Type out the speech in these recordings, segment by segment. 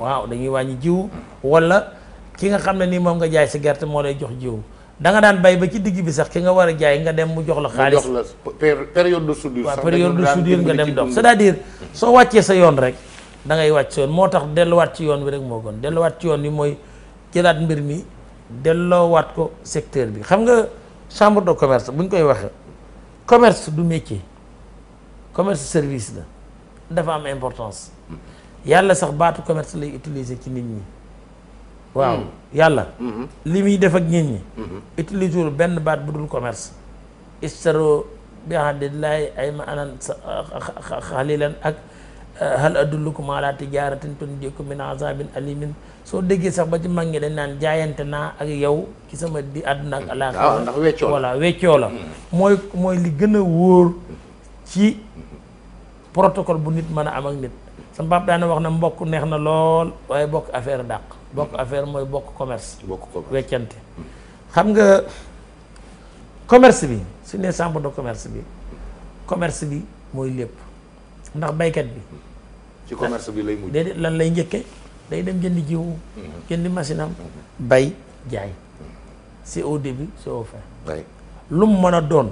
waaw dañuy wàññi jiw wala ki nga xam ne nii moom nga jaay si gerte moo lay jox jiw da nga daan bay ba ci digg bi sax ki nga war a jaay nga dem mu jox la xaalis période de soudure waaw période de soudure nga dem dox c'est-à-dire soo wàccee sa yoon rek da ngay wàcc sa yoon moo tax delluwaat ci yoon wi rek moo gën delluwaat ci yoon bi mooy jëlaat mbir mi waat ko secteur bi xam nga chambre de commerce bu ñu koy waxee commerce du métier commerce service la dafa am importance yàlla sax baatu commerce lay utiliser ci nit ñi waaw hmm. yàlla hmm. li muy def ak nit ñi hmm. utiliser benn baat bu dul commerce istaro bi ahdillahi ay ma anan xalilan ak eh, hal adullukum ala tijaratin tunjikum min azabin alimin soo déggee sax ba ci mag ñi dañ naan jaayante naa ak yow ci sama di àdduna ak alaaxira ah, ndax weccoo la voilà mooy mooy li gën a wóor ci protocole bu nit mën a am ak nit sama pap daana wax na mbokk neex na lool waaye bokk affaire dàq bokk mm-hmm. affaire mooy bokk commerce weccante mm-hmm. xam nga commerce bi su ne chambre de commerce bi commerce bi mooy lépp ndax baykat bi mm-hmm. ci commerce bi lay mujj déedéet lan lay njëkke day dem jëndi jiwu jëndi machine am bay jaay c'est au début c'est lu mu mën a doon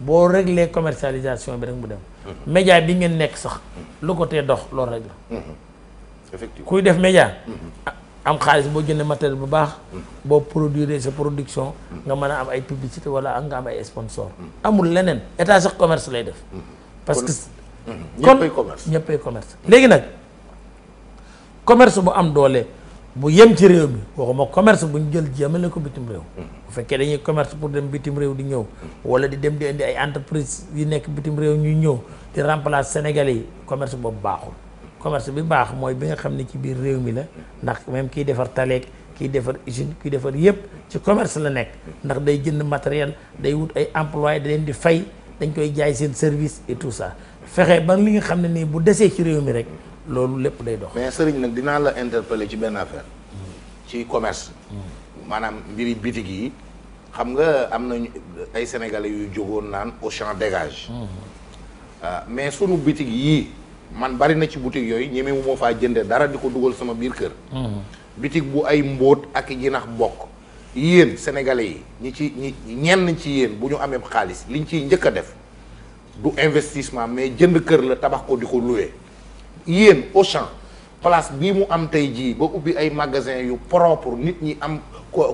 boo réglee commercialisation bi rek mu dem. Mhm. média bi ngeen nekk sax. lu ko tee dox loolu rek la. Mhm. kuy def média. Mhm. am xaalis boo jëndee matériel bu baax. boo produire sa production. nga mën a am ay publicité wala nga am ay sponsor amul leneen état sax commerce lay def. parce que kon ñëppay commerce ñëppay commerce léegi nag commerce bu am doolee bu yem ci réew mi waxuma commerce bu ñu jël jëmale ko bitim réew bu fekkee dañuy commerce pour dem bitim réew di ñëw wala di dem di indi ay entreprise yu nekk bitim réew ñuy ñëw di remplacer Sénégalais yi commerce boobu baaxul commerce bi baax mooy bi nga xam ne ci biir réew mi la ndax même kiy defar taleeg kiy defar usine kiy defar yëpp ci commerce la nekk ndax day jënd matériel day wut ay employé da leen di fay dañ koy jaay seen service et tout ça fexe ba li nga xam ne nii bu desee ci réew mi rek loolu lépp day dox. mais sëriñ nag dinaa la interpeller ci benn affaire. ci commerce. maanaam mbiri bitig yi xam nga am na ay sénégalais yu jógoon naan Auchan dégage. Mm-hmm. Ah, mais sunu bitig yi man bari na ci boutique yooyu ñeme mu moo faa jënde dara di ko dugal sama biir kër. Mm-hmm. bitig bu ay mbóot ak jinax bokk. yéen sénégalais yi ñi ci ñi ñenn ci yéen bu ñu amee xaalis liñ ciy njëkk a def du investissement mais jënd kër la tabax ko di ko loué. yéen Auchan place bii mu am tey jii ba ubbi ay magasin yu propre nit ñi am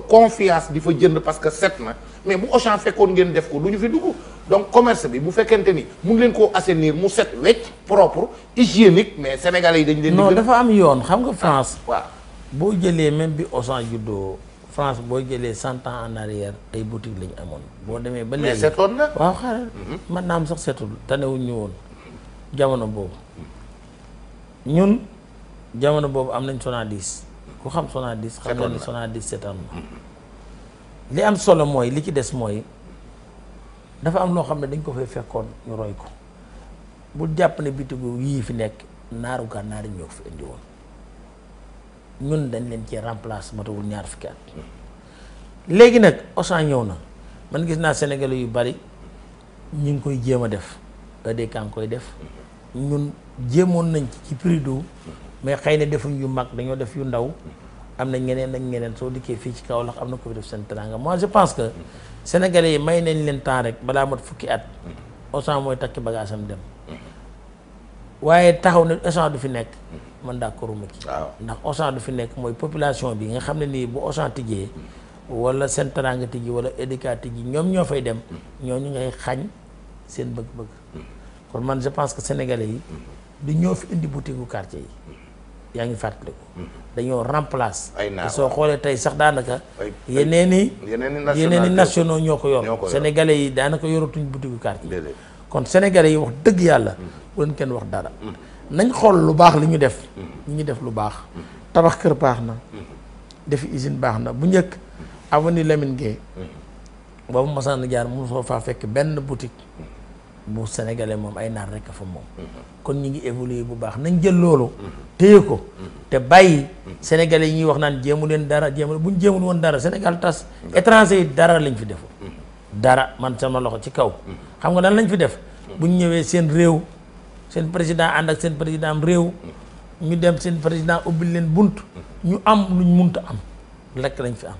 confiance di fa jënd parce que set na mais bu Auchan fekkoon ngeen def ko du ñu fi dugg donc commerce bi bu fekkente ni mun leen koo assainir mu set wecc propre hygiénique mais sénégalais yi dañ leen non dafa am yoon xam nga ah, France waa boo jëlee même bi Auchan juddoo France boo jëlee cent ans en arrière ay boutique lañu amoon boo demee ba léegi mais setoon na waaw xaaral mën mhm. naa am sax setul tanewuñ ñu woon jamono boobu ñun jamono boobu am nañ Sonadis ku xam Sonadis xam na ni Sonadis seetaan li am solo mooy li ci des mooy dafa am loo xam ne dañ ko fay fekkoon ñu roy ko bul jàpp ne bitigu yii fi nekk naaru gànnaar ñoo ko fi indi ñun dañ leen ci remplace matawul ñaar fukki léegi nag Auchan ñëw na man gis naa sénégalais yu bari ñu ngi koy jéem a def EDK koy def ñun jéemoon nañ ci ci prix d'eau mais xëy na defuñ yu mag dañoo def yu ndaw am na ñeneen ak ñeneen soo dikkee fii ci kaw Kaolack am na ko fi def seen teranga moi je pense que sénégalais yi may nañ leen temps rek balaa mat fukki at Auchan mooy takki bagage am dem waaye taxaw ne Auchan du fi nekk man d'accorduma ci ndax Auchan du fi nekk mooy population bi nga xam ne nii bu Auchan tijjee wala seen teranga tijji wala éducat tijji ñoom ñoo fay dem ñooñu ngay xañ seen bëgg-bëgg mm-hmm. man je pense que sénégalais yi mm-hmm. du ñoo fi indi boutique gu quartier yi yaa ngi fàttaliku. Mm-hmm. dañoo remplace te soo xoolee tey sax daanaka yeneen i yeneen i nationaux ñoo ko yor sénégalais yi daanaka yoratuñ boutique gu quartier yi kon sénégalais yi wax dëgg yàlla mm-hmm. bu leen kenn wax dara mm-hmm. nañ xool lu baax li ñu def ñu ngi def lu baax tabax kër baax na defi usine baax na bu njëkk avenue Lamine Gueye boobu masaan jaar mënu soo faa fekk benn boutique bu sénégalais moom ay naar rekk a fa moom mhm. kon ñi ngi évoluer bu baax nañ jël loolu mhm. téye ko mhm. te bàyyi sénégalais yi ñuy wax naan jéemu leen dara jéemu buñ ñu jéemul woon dara sénégal tas étranger yi dara lañ fi deful dara man sama loxo ci kaw xam nga lan lañ fi def buñ ñëwee seen réew seen président ànd ak seen président am réew ñu dem seen président ubbil leen bunt ñu am luñ munta am lekk lañ fi am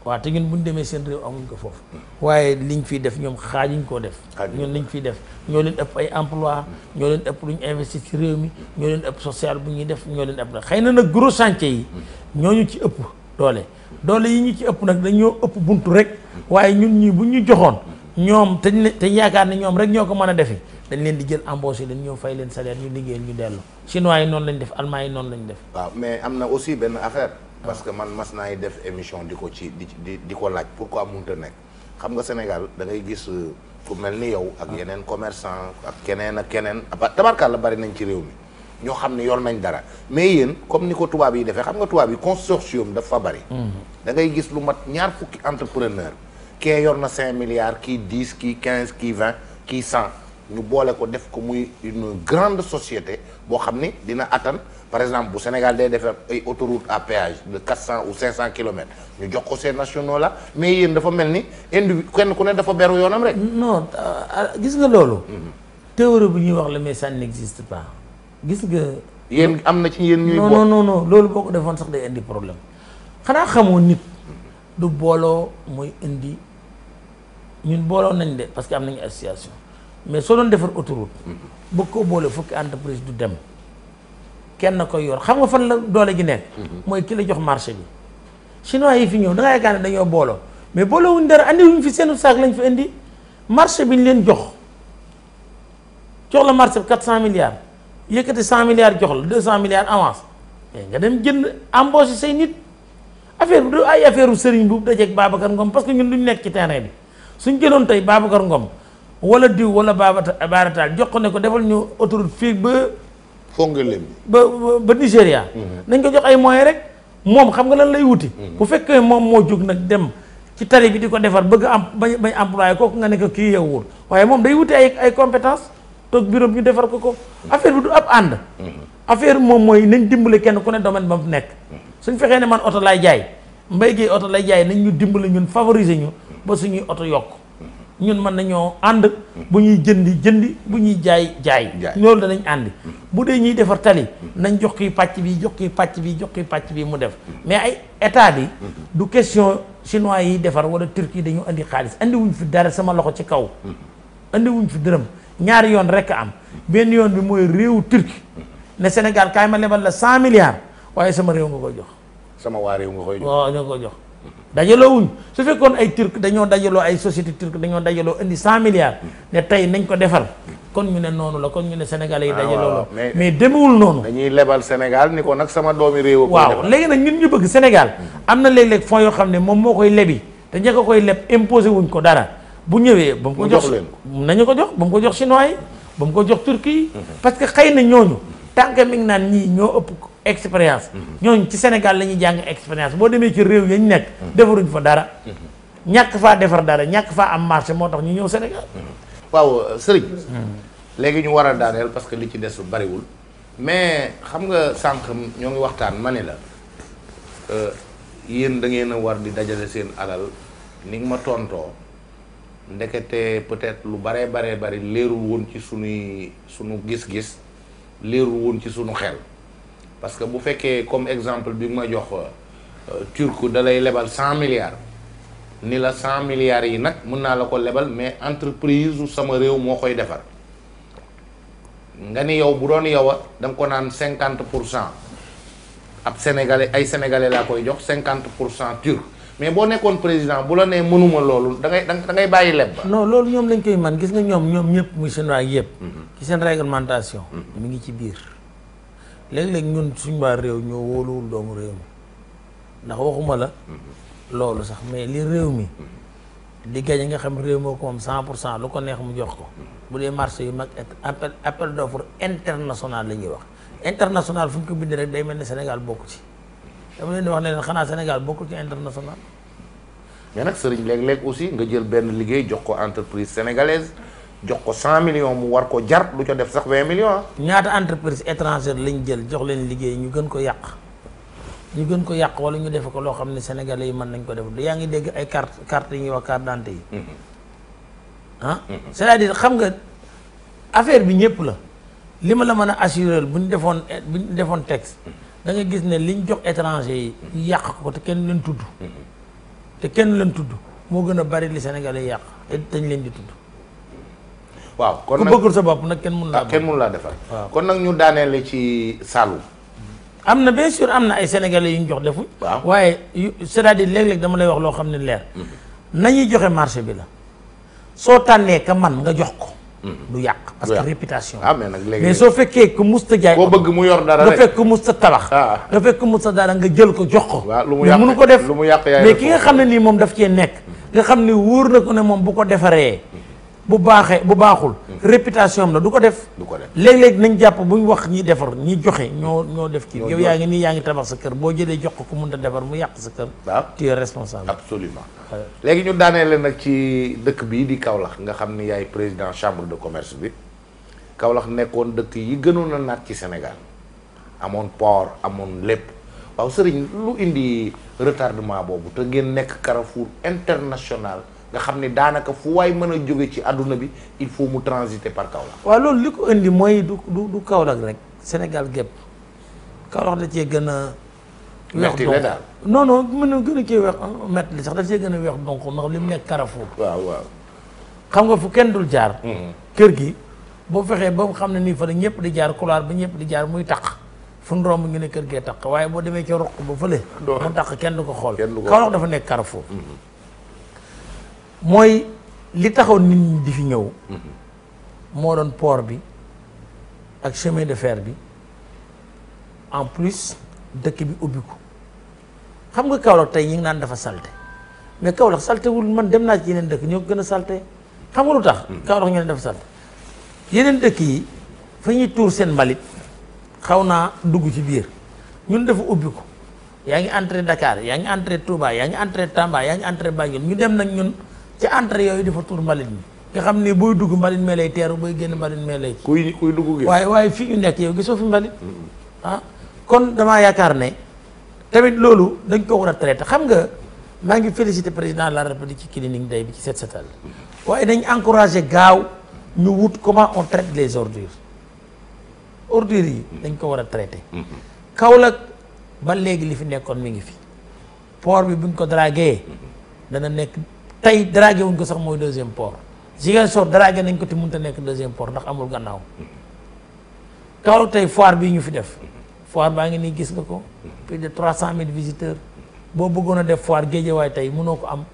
waaw te ñun bu ñu demee seen réew amuñ ko foofu mm. waaye liñ fiy def ñoom xaajuñ koo def ñun liñ fiy def ñoo leen ëpp ay emploi ñoo leen ëpp lu ñu investir réew mi ñoo ëpp social bu ñuy def ñoo leen ëpp nag xëy na nag gros chantier yi mm. ñu ci ëpp doole doole yi ñu ci ëpp nag dañoo ëpp buntu rek mm. waaye ñun ñi bu ñu joxoon ñoom te te yaakaar ne ñoom rek ñoo ko mën a defi dañ leen di jël embauché leen ñoo fay leen salaire ñu liggéeyal ñu dellu chinois yi noonu lañ def allemand yi noonu lañ def waaw mais am na aussi benn affaire parce que man mas naay def émission di ko ci di di di ko laaj pourquoi mënut a nekk xam nga Sénégal da ngay gis euh, ku mel ni yow ak ah. yeneen commerçant ak keneen ak keneen ah, tabarkaal la bari nañ ci réew mi ñoo xam ne yor nañ dara mais yéen comme ni ko tubaab yi defee xam nga tubaab yi consortium dafa bari mm-hmm. da ngay gis lu mat ñaar fukki entrepreneur kee yor na cinq milliards kii dix kii quinze kii vingt kii cent ñu boole ko def ko muy une grande société boo xam ni dina attan par exemple bu Sénégal day defar ay autoroute à péage de 400 ou 500 kilomètres ñu jox ko ces nationaux là mais yéen dafa mel ni indi kenn ku ne dafa beru yoonam rek. non euh, gis nga loolu. Mhm. théorie bu ñuy wax la mais ça n'existe pas gis nga. yéen am na ci yéen ñuy. non non non loolu boo ko defoon sax day indi problème xanaa xamoo nit. du booloo mooy indi ñun booloo nañ de parce que am nañu association mais soo doon defar autoroute. Mhm. bëgg koo boole fukki entreprise du dem. kenn koy yor xam nga fan la doole ji nekk. Mhm. mooy kii la jox marché bi. chinois yi fi ñëw da ngay yaakaar ne dañoo booloo mais booloowuñ dara andi wuñ fi seenu saak lañ fi indi marché bi ñu leen jox jox la marché bi cent milliards yëkkati 100 milliards jox la 200 milliards avance mais nga dem jënd embauché say nit affaire bi du ay affaire sëriñ bu dajeeg Babacar Ngom parce que ñun duñ nekk ci terrain bi suñ jëloon tey Babacar Ngom wala diw wala Babacar Baara ko ne ñu autoroute foog nga leen ba ba Nigéria. nañ ko jox ay moyens rek moom xam nga lan lay wuti. bu fekkee moom moo jóg nag dem ci tari bi di ko defar bëgg am bañ bañ employé kooku nga ne ko kii yeewul waaye moom day wuti ay ay compétence toog bureau ñu defar ko ko. affaire bi du ab ànd. affaire moom mooy nañ dimbale kenn ku ne domaine ba mu nekk. suñ fexee ne man oto laay jaay mbay gi oto lay jaay nañ ñu dimbale ñun favoriser ñu ba suñuy auto yokk. ñun mën nañoo ànd. bu ñuy jëndi jëndi bu ñuy jaay jaay. loolu danañ àndi mm-hmm. bu dee ñuy defar tali. Mm-hmm. nañ jox kii pàcc bi jox kii pàcc bi jox pàcc bi mu def. Mm-hmm. mais ay état bi. du question chinois yi defar wala turc yi dañu indi xaalis andi wuñ fi dara sama loxo ci kaw. andi wuñ fi dërëm ñaari yoon rek am benn yoon bi mooy réew turc ne Sénégal kaay ma lebal la cent milliards waaye sama réew nga koy jox. sama waa réew nga koy nga koy jox. dajaloo wuñ su fekkoon ay turc dañoo dajaloo ay société turc dañoo dajaloo indi cent milliards ne tey nañ ko defar kon ñu ne noonu la kon ñu ne sénégalais yi ah, dajaloo la mais demewul noonu dañuy lebal sénégal ni ko nag sama doomi réew waaw léegi nag ñun ñu bëgg sénégal am na léeg-léeg fonds yoo xam ne moom moo koy lebi te ña ko koy leb imposé wuñ ko dara bu ñëwee ba mu ko jox nañu ko jox ba mu ko jox chinois yi ba mu ko jox turquie yi mm-hmm. parce que xëy na ñooñu tànk mi naan ñii ñoo ëpp expérience mhm. ñooñu ci Sénégal la jàng expérience boo demee ci réew yañ nekk mhm. defaruñ fa dara mhm. ñàkk faa defar dara ñàkk faa am marché moo tax ñu ñëw Sénégal waaw sëriñ léegi ñu war a daaneel parce que li ci des bariwul mais xam nga sànq ñoo ngi waxtaan ma ne la euh, yéen da ngeen a war di dajale seen alal ni ma tontoo ndekete peut-être lu baree baree bari leerul woon ci sunuy sunu gis-gis leerul woon ci sunu xel parce que bu fekkee comme exemple bi ma jox euh, turc da lay lebal cent milliards ni la cent milliards yi nag mun naa la ko lebal mais entreprise sama réew moo koy defar nga ni yow bu doon yow a da nga ko naan cinquante pour cent ab sénégalais ay sénégalais laa koy jox cinquante pour cent turc mais boo nekkoon président bu la nee mënuma loolu da ngay da ngay bàyyi leb ba. non loolu ñoom lañ koy man gis nga ñoom ñoom ñëpp muy chinois yëpp. Mhm. ci seen réglementation. Mhm. ngi ci biir. léegi léeg ñun suñ waa réew ñoo wóoluwul doomu réew mi ndax waxuma la loolu sax mais li réew mi di gañe nga xam réew moo ko moom cent pour cent lu ko neex mu jox ko bu dee marché yu mag appel appel d'offre international la ñuy wax international fu ñu ko bindee rek day mel ni Sénégal bokku ci dama leen di wax ne leen xanaa Sénégal bokku ci international mais nag sëriñ léeg-léeg aussi nga jël benn liggéey jox ko entreprise sénégalaise jox ko cent million mu war ko jar du ca def sax vingt millions ñaata entreprise étrangère lañ jël jox leen liggéey ñu gën ko yàq ñu gën ko yàq wala ñu def ko loo xam ne sénégalais yi mën nañ ko def yaa ngi dégg ay carte carte yi ñuy wax carte d'identité yi mhm. ah mhm. cest xam nga affaire bi ñëpp la li ma la mën a assuré bu ñu defoon bu defoon texte mhm. da nga gis ne liñ jox étranger yi yàq ko te kenn leen tudd te kenn leen tudd moo gën a bari li sénégalais yi yàq te dañ leen di tudd waaw kon nag bëggul sa bopp nag kenn mun laa ah, kenn mun laa defal kon nag ñu daaneele ci Saloum am na bien sûr am na ay sénégalais yuñ ñu jox defuñ waaye c'est-à-dire léeg-léeg dama lay wax loo xam ne leer mhm. nañuy joxe marché bi la soo tànnee ka man nga jox ko mhm. du yàq parce que réputation ah, mais soo fekkee ku musta jaay koo bëgg mu yor dara nga fekk ku musta tabax nga ah. fekk musta dara nga jël ko jox ko mais mënu ko def mais ki nga xam ne nii moom daf cee nekk nga xam ne wóor na ko ne moom bu ko defaree mhm. bu baaxee bu baaxul. Mm. réputation am la du ko def. du ko def léeg nañ jàpp bu wax ñi defar ñi joxe ñoo ñoo def kii. yow yaa ngi nii yaa ngi tabax sa kër boo jëlee jox ko mun mënta defar mu yàq sa kër. waaw ah. tu es responsable. léegi ñu daaneel leen nag ci dëkk bii di Kaolack nga xam ni yaay président chambre de commerce bi Kaolack nekkoon dëkk yi gënoon a naat ci Sénégal amoon port amoon lépp. waaw sëriñ lu indi retardement boobu te ngeen nekk carrefour international. nga xam ne daanaka fu waay mën a jóge ci àdduna bi il faut mu transiter par Kaolack. waaw loolu li ko indi mooy du du du Kaolack rek Sénégal gépp Kaolack da cee gën a. weex donc daal non non mën na gën a cee weex li ah, sax da cee gën a weex donc ndax li mu nekk Carrefour. waaw nga fu kenn dul jaar. Mm-hmm. kër gi boo fexee ba xam ne nii fa la ñëpp di jaar couloir ba ñëpp di jaar muy taq fu mu romb ngi ne kër gee taq waaye boo demee ca ba fële. mu taq kenn du ko xool. Kaolack dafa nekk Carrefour. Mm-hmm. mooy li taxaw nit ñi di fi ñëw mhm. moo doon poor bi ak chemin de fer bi en plus dëkk bi ubbi ko xam nga Kaolack tey ñi ngi naan dafa salte mais Kaolack salte wul man dem naa ci yeneen dëkk ñoo gën a salte xam nga lu tax mhm. Kaolack ñoo ne dafa salte yeneen dëkk yi fa ñuy tuur seen mbalit xaw naa dugg ci biir ñun dafa ubbi ko yaa ngi entré Dakar yaa ngi entré Touba yaa ngi entré Tamba yaa ngi entré Banjul ñu dem nag ñun ci entrée yooyu dafa tuur mbalit mi nga xam ni booy dugg mbalit mee lay teeru booy génn mbalit mee lay kuy dugg waaye waaye fii ñu nekk yow gisoo fi mbalit ah, kon damaa yaakaar ne tamit loolu dañ ko war a traité xam nga maa ngi félicité président de la république ci cleaning day bi ci set setal waaye dañ encouragé gaaw ñu wut comment on traite les ordures ordures yi dañ ko war a traité Kaolack ba léegi li fi nekkoon mi ngi fi port bi buñ ko dragué dana nekk tey dragué wuñ ko sax mooy deuxième port Ziguinchor dragué nañ ko te mënut a nekk deuxième port ndax amul gannaaw Kaolack tey foir bii ñu fi def foir baa ngi nii gis nga ko plus de trois cent mille visiteurs boo bëggoon a def foire géejewaay tey mënoo ko am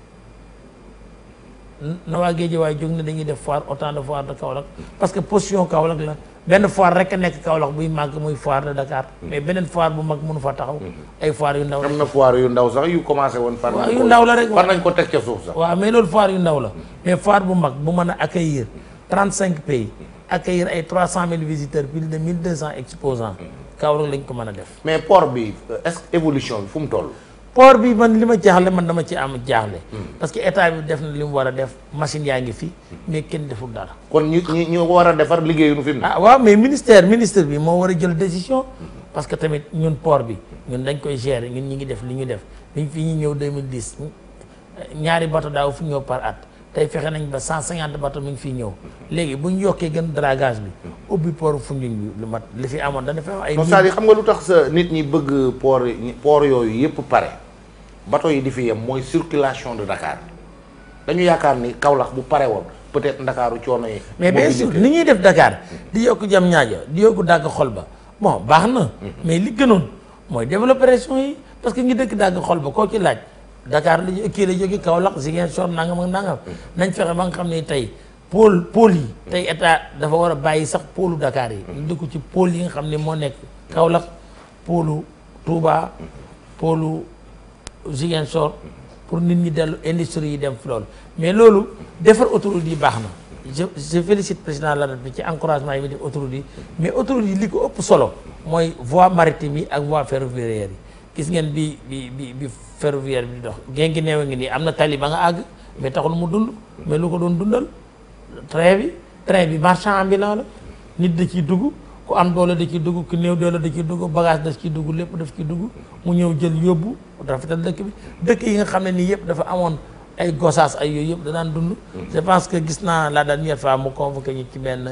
na waa géejewaay jóg ne dañuy def foire autant de foire de Kaolack parce que position Kaolack la benn foire rek a nekk Kaolack buy màgg muy foire de Dakar. mais beneen foire bu mag mënu fa taxaw. Mm-hmm. ay foire yu ndaw la na foire yu ndaw sax yu commencé woon. par yu rek war nañ ko teg ca suuf sax. waaw mais loolu foire yu ndaw la. mais foire bu mag bu mën a accueillir trente cinq pays. accueillir ay trois cent mille visiteurs plus de mille deux cent exposants. Mm-hmm. Kaolack lañ ko mën a def. mais port bi est évolution bi fu mu toll. port bi man li ma jaaxle man dama ci am jaaxle. Hmm. parce que état bi def na li mu war a def machine yaa ngi fi hmm. mais kenn deful dara. kon ñu ñu ñu war a defar liggéeyuñu fi mu. ah waaw mais ministère ministre bi moo war a jël décision. Hmm. parce que tamit ñun port bi ñun dañ koy gérer ñun ñi ngi def li ñu def biñ fi ñu ñëw 2010 ñaari bato daa fi ñëw par at tey fexe nañ ba cent 150 bato mi ngi fiy ñëw léegi bu ñu yokkee gën dragage bi ubbi port fu ñu lu mat li fi amoon dana fexe ay. non cest xam nga lu tax sa nit ñi bëgg port port yooyu yëpp pare. bateau yi di fi yem mooy circulation du dakaar dañu yaakaar ni Kaolack bu pare woon peut-être Ndakaaru coono yi. mais bien sûr li ñuy def Dakar di yokk jam ñaajo di yokk dàgg xol ba bon baax na. Mhm. mais li gënoon mooy développer régions yi parce que ñi dëkk dàgg xol ba koo ci laaj. dakaar la kii la jógee Kaolack Ziguinchor nangam ak nangam. Mhm. nañ fexe ba nga xam ne tey pôle pôle yi. Mhm. tey état dafa war a bàyyi sax pôlu dakaar yi. ñu dugg ci pôle yi nga xam ne moo nekk. Kaolack pôlu Touba Ziguinchor pour nit ñi dellu industrie yi dem fi mais loolu defar autoroute yi baax na je je félicite président de la République ci encouragement yi def autoroute yi mais autoroute yi li ko ëpp solo mooy voie maritime yi ak voie ferroviaire yi gis ngeen bi bi bi bi ferroviaire bi dox gén ngi neew ngi nii am na tali ba nga àgg mais taxul mu dund mais lu ko doon dundal train bi train bi marchand ambulant la nit da ciy dugg ku am doole da ciy dugg ku néew doole di ci dugg bagage da ciy dugg lépp daf ciy dugg mu ñëw jël yóbbu rafetal dëkk bi dëkk yi nga xam ne nii yëpp dafa amoon ay gosaas ay yooyu yëpp danaan dund hmm. je pense que gis naa la dernière fois mu convoqué ñu ci benn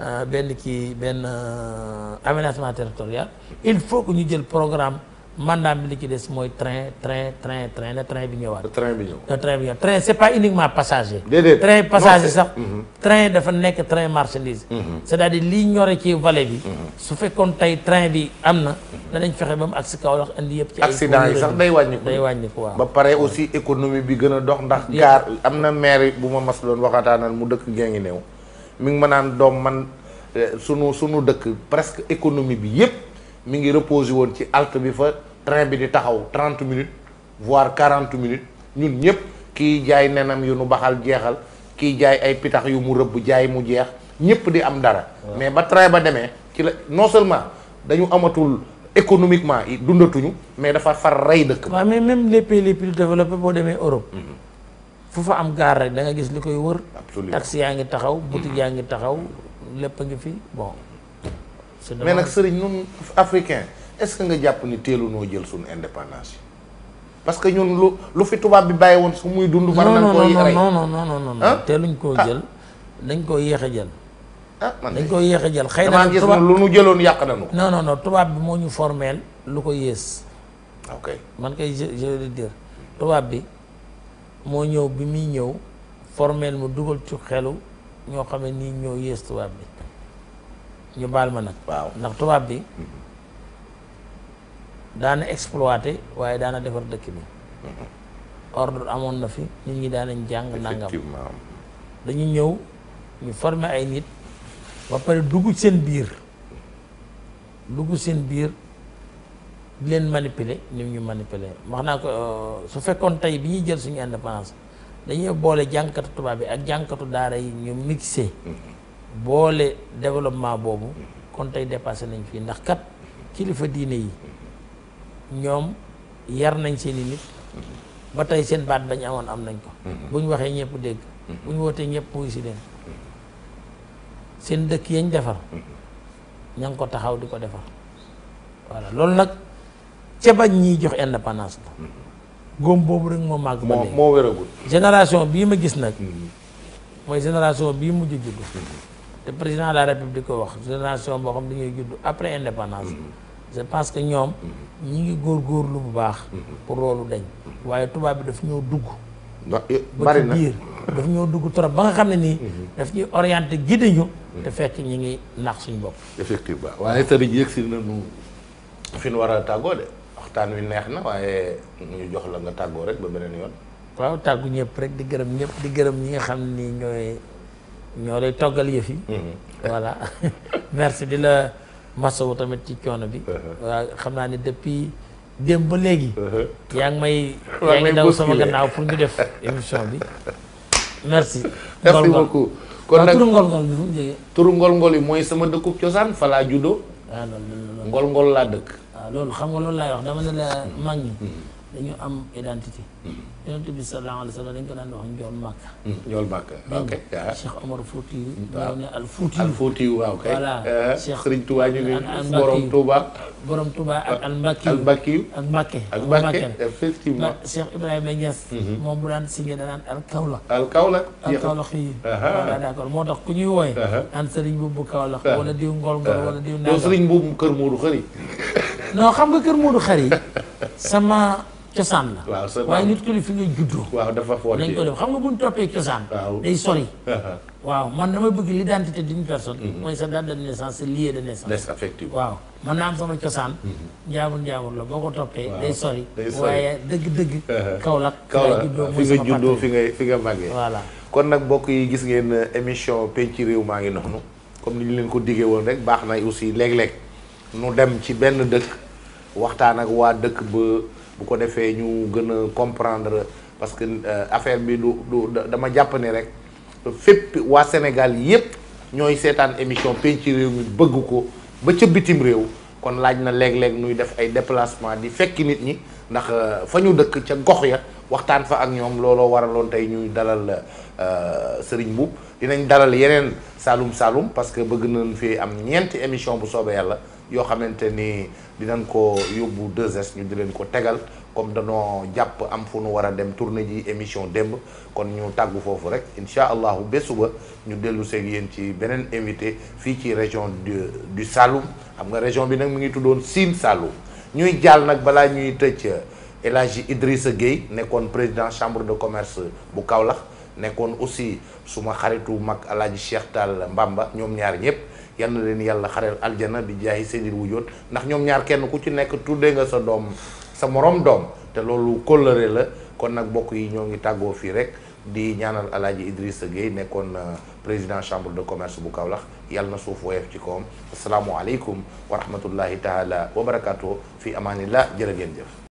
euh, benn kii benn euh, aménagement territorial il faut ku ñu jël programme mandat bi li ci des mooy train train train train na train bi ñëwaat. train bi ñëw train bi ñëw train c'est pas uniquement passager. déedéet train passager sax. Mhm. train dafa nekk train marchandise. Mhm. c'est-à-dire liy ñore ci vallée bi. Mhm. su fekkoon tey train bi am na. danañ fexe ba mu agsi kaw wax indi yëpp. ci ay accident yi sax day wàññi ko day wàññi ko waaw. ba pare aussi économie bi gën a dox ndax. gaar am na maire bu ma mas doon waxataanal mu dëkk gee ngi néew mi ngi ma naan doom man eh, sunu sunu dëkk presque économie bi yëpp. mi ngi reposé woon ci halte bi fa train bi di taxaw 30 minutes voire 40 minutes ñun ñëpp kii jaay nenam yu nu baxal jeexal kii jaay ay pitax yu mu rëbb jaay mu jeex ñëpp di am dara. mais ba train ba demee ci la non seulement dañu amatul économiquement dundatuñu mais dafa far rey dëkk. waaw mais même les pays les plus développés boo demee Europe. Mhm. fu fa am gaar rek da nga gis li koy wër. taxi yaa ngi taxaw mhm. boutique yaa ngi taxaw lépp a ngi fi bon. mais nag sëriñ ñun africain est-ce que nga jàpp ni teelu noo jël suñu indépendance yi parce que ñun lu lu fi tubaab bi bàyyi woon su muy dund. war nañ koo rey non non non non non teeluñ ah. jël dañ koo yéex a jël. ah man dañ koo yéex a jël xëy na gis lu nu jëloon yàq nañu ko. non non tubaab bi moo ñu formel lu ko yées. ok man kay je tubaab bi moo ñëw bi muy ñëw formel mu dugal ci xelu ñoo xam ne nii ñoo yées tubaab bi. ñu baal ma nag. waaw ndax tubaab bi daana exploité waaye daana defar dëkk bi. Mm-hmm. ordre amoon na fi nit ñi daanañ jàng nangam. dañu ñëw ñu former ay nit ba pare dugg seen biir dugg seen biir di leen manipule ni ñu manipuler wax naa ko euh, su fekkoon tey bi ñuy jël suñu indépendance dañuy boole jànkatu tubaab bi ak jànkatu daara yi ñu mixé. Mm-hmm. boole développement boobu kon tey dépassé nañ fii ndax kat kilifa diine yi ñoom yar nañ seen i nit ba tey seen baat bañ amoon am nañ ko mhm. bu ñu waxee ñëpp dégg mhm. bu ñu wootee ñëpp muy si leen seen dëkk yañ defar mhm. ña ngi ko taxaw di ko defar voilà loolu nag ca bañ ñiy jox indépendance la góom boobu rek moo màgg ba léegi moo wéragul génération bii ma gis nag mooy génération bii mujj judd te président de la république ko wax génération boo xam dañuy judd après indépendance mhm. je pense que ñoom mhm. ñi ngi lu bu baax pour loolu dañ mhm. waaye tubaab bi daf ñoo dugg eh, bari na biir daf ñoo dugg trop ba nga xam ne nii daf ñuy orienté guidé ñu te fekk ñi ngi nax suñu bopp effectivement waaye sëriñ yëg si nañu fi ñu war a tàggoo de waxtaan wi neex na waaye ñu jox la nga tàggoo rek ba beneen yoon waaw tàggu ñëpp rek di gërëm ñëpp di gërëm ñi nga xam ni ñooy ñoo lay toggal yëf yi. Mm-hmm. voilà merci di la masawu tamit ci coono bi. Uh-huh. waaw xam naa ne depuis démb ba léegi. Uh-huh. yaa ngi may. yaa ngi daw sama gannaaw pour ñu def émission bi. merci. merci beaucoup kon nag turu ngol-ngol turu ngol-ngol yi mooy sama dëkku cosaan falaa laa juddoo. Ah, ngol-ngol laa dëkk. waaw ah, loolu xam nga loolu laay wax dama ne la mm-hmm. mag ñi. Mm-hmm. dañu am identité. Mm-hmm. yonent bi sallallahu alayhi wa sallam dañ ko daan wax njool màkk. Mm-hmm. njool Fouti. Mm-hmm. waaw al Fouti. al Fouti waaw kay. voilà eh, Cheikh Serigne Touba ñu ngi borom Touba. borom ak al ak Mbakke. ak Ibrahima Niass. moom bu daan signé da daan al Kaolack. al Kaolack al Kaolack yi. moo tax ku ñuy wooye. naan Serigne Boubou Kaolack. wala diw Ngol Ngol wala diw. Nangam yow Serigne kër Modou Khari. non xam nga kër Modou Khari sama. cosaan la waaye nit ku ne fi ngay juddoo waaw dafa fort nañ ko def xam nga buñ toppee cosaan day sori waaw man damay bëgg l'identité d'une personne mhm. mooy sa date de naissance sa lieu de naissance effectivement waaw man naa am sama cosaan njaabul mhm. njaabul la boo ko toppee day sori waaye dëgg-dëgg kaw Kaolack fi nga juddoo fi ngay fi nga màggee kon nag mbokk yi gis ngeen euh, émission penci réew maa ngi noonu comme ni ñu leen ko diggee woon rek baax na aussi léeg-léeg dem ci benn dëkk waxtaan waa dëkk ba bu ko defee ñu gën a comprendre parce que euh, affaire bi du du dama jàpp ne rek fépp waa Sénégal yépp ñooy seetaan émission penc réew mi bëgg ko ba ca bitim réew kon laaj na léeg-léeg nuy def ay déplacement di fekki nit ñi ndax euh, fa ñu dëkk ca gox ya waxtaan fa ak ñoom looloo waraloon tey ñuy dalal euh, Serigne bu dinañ dalal yeneen Saloum saalum parce que bëgg nañ fi am ñeenti émission bu soobee yàlla yoo xamante ni dinañ ko yóbbu 2S ñu di leen ko tegal comme danoo jàpp am fu nu war a dem tournée ji émission démb kon ñu tàggu foofu rek incha allahu ba suba ñu dellu seeg yéen ci beneen invité fii ci région du du xam nga région bi nag mu ngi tuddoon Sine Saloum ñuy jàll nag balaa ñuy tëj euh, El Hadji Idrissa Gueye nekkoon président chambre de commerce bu kaw lax nekkoon aussi suma xaritu mag El Hadji Cheikh Tall Mbamba ñoom ñaar ñëpp. yal leen yàlla xareel aljana bi jaayi seydil wujjoot ndax ñoom ñaar kenn ku ci nekk tuddee nga sa doom sa moroom doom te loolu kóllëre la kon nag bokk yi ñoo ngi tàggoo fii rek di ñaanal alaaji sa géey nekkoon euh, président chambre de commerce bu Kaolack yàlla na suuf woyof ci kawam asalaamualeykum wa rahmatullahi taala wa barakaatu fi amaanillah jërë ngeen jëf